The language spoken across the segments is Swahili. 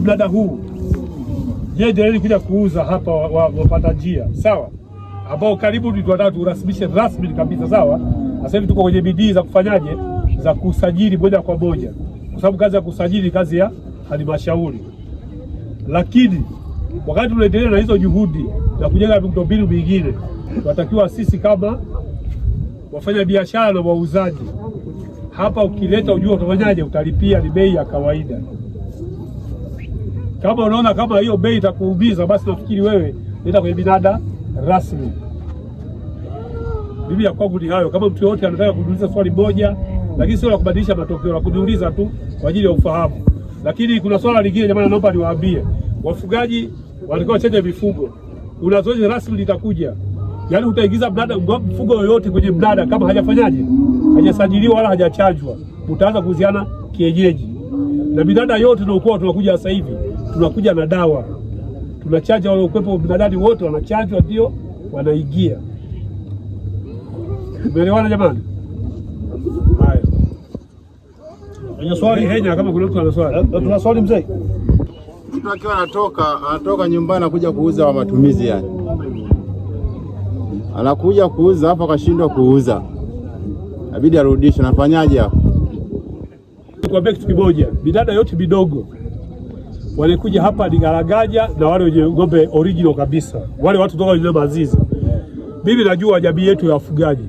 mnada huu, je, jeleni kuja kuuza hapa wapata wa, njia sawa, ambao karibu tunataka turasimishe rasmi kabisa sawa. Sasa hivi tuko kwenye bidii za kufanyaje za kusajili moja kwa moja, kwa sababu kazi ya kusajili kazi ya halmashauri, lakini wakati tunaendelea na hizo juhudi na kujenga miundombinu mingine, tunatakiwa sisi kama wafanya biashara na wauzaji hapa, ukileta ujua utafanyaje, utalipia ni bei ya kawaida. Kama unaona kama hiyo bei itakuumiza, basi nafikiri wewe nenda kwenye binada rasmi. Mimi ya kwangu ni hayo. Kama mtu yoyote anataka kuniuliza swali moja, lakini sio la kubadilisha matokeo, la kuniuliza tu kwa ajili ya ufahamu. Lakini kuna swala lingine jamani, naomba niwaambie wafugaji walikuwa wachanja mifugo. Kuna zoezi rasmi litakuja, yaani utaingiza mnada mfugo yoyote kwenye mnada kama hajafanyaje, hajasajiliwa wala hajachanjwa, utaanza kuhusiana kienyeji na minada yote tunaokuwa tunakuja sasa hivi tunakuja na dawa, tunachaja waliokuwepo binadadi wote wanachajwa, ndio wanaingia. Umeelewana jamani? Haya, kwenye swali henya, kama kuna mtu ana swali, eh, eh, tuna swali mzee. Mtu akiwa anatoka anatoka nyumbani anakuja kuuza wa matumizi, yani anakuja kuuza hapa, akashindwa kuuza, inabidi arudishe. Nafanyaje hapo? Kwa kitu kimoja, bidada yote midogo walikuja hapa ni na wale wenye ng'ombe original kabisa, wale watu toka wenye mazizi. Mimi najua jamii yetu ya wafugaji,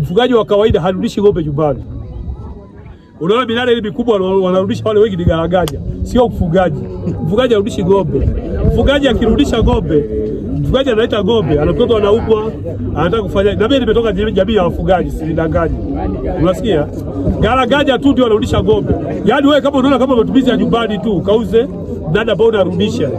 mfugaji wa kawaida harudishi ng'ombe nyumbani. Unaona minada ile mikubwa wanarudisha wale wengi ni sio mfugaji. Mfugaji arudishi ng'ombe, mfugaji akirudisha ng'ombe mfugaji analeta ng'ombe anatoka anaupwa, anataka kufanya na mimi nimetoka jamii ya wafugaji, sidangaji, unasikia garagaja tu ndio anarudisha ng'ombe. Yaani wewe kama unaona kama matumizi ya nyumbani tu kauze dada, bao unarudisha